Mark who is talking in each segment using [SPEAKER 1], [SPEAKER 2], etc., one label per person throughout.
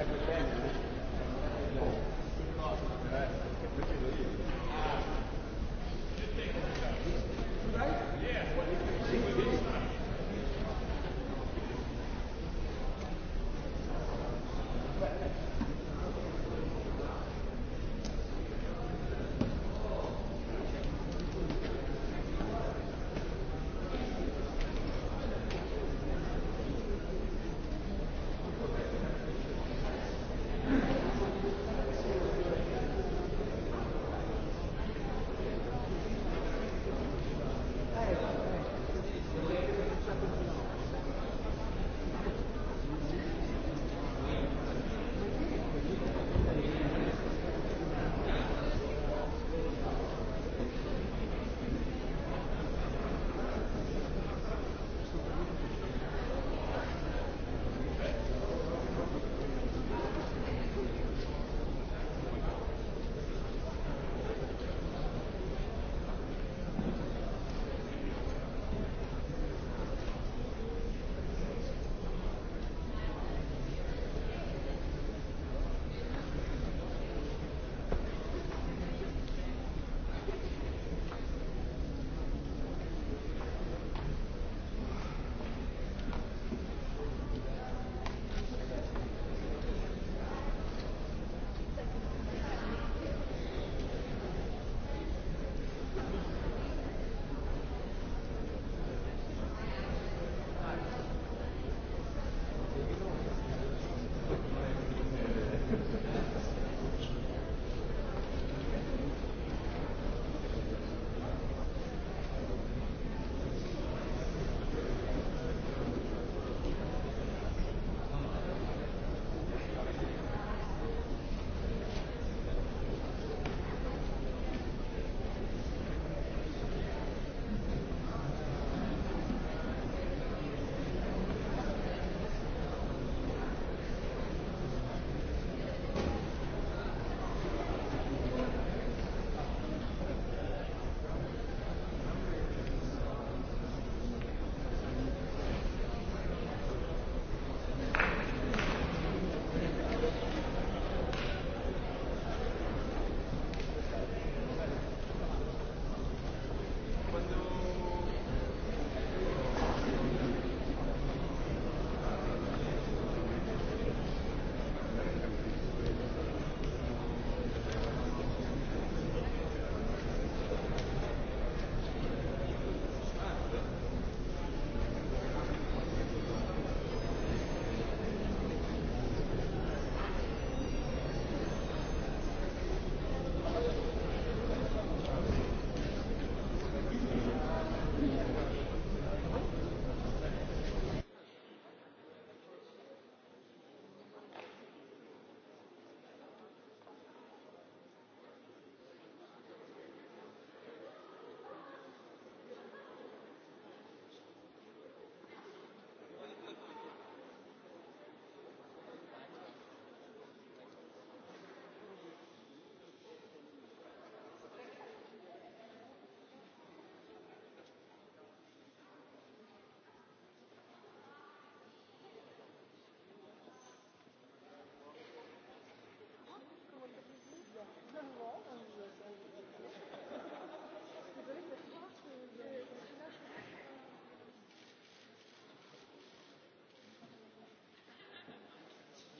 [SPEAKER 1] Thank you.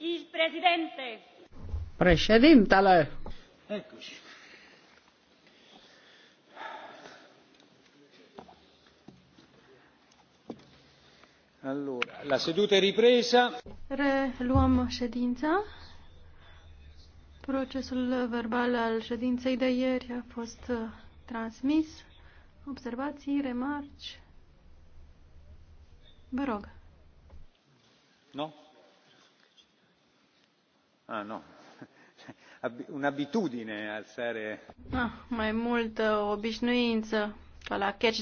[SPEAKER 1] Il Președintele. Eccoci. Allora, la seduta è ripresa. Reluăm ședința. Procesul verbal al ședinței de ieri a fost uh, transmis. Observații, remarci? Vă rog. Nu? No? Ah, nu. Un'abitudine alzare. Ah, mai mult obișnuință ca la catch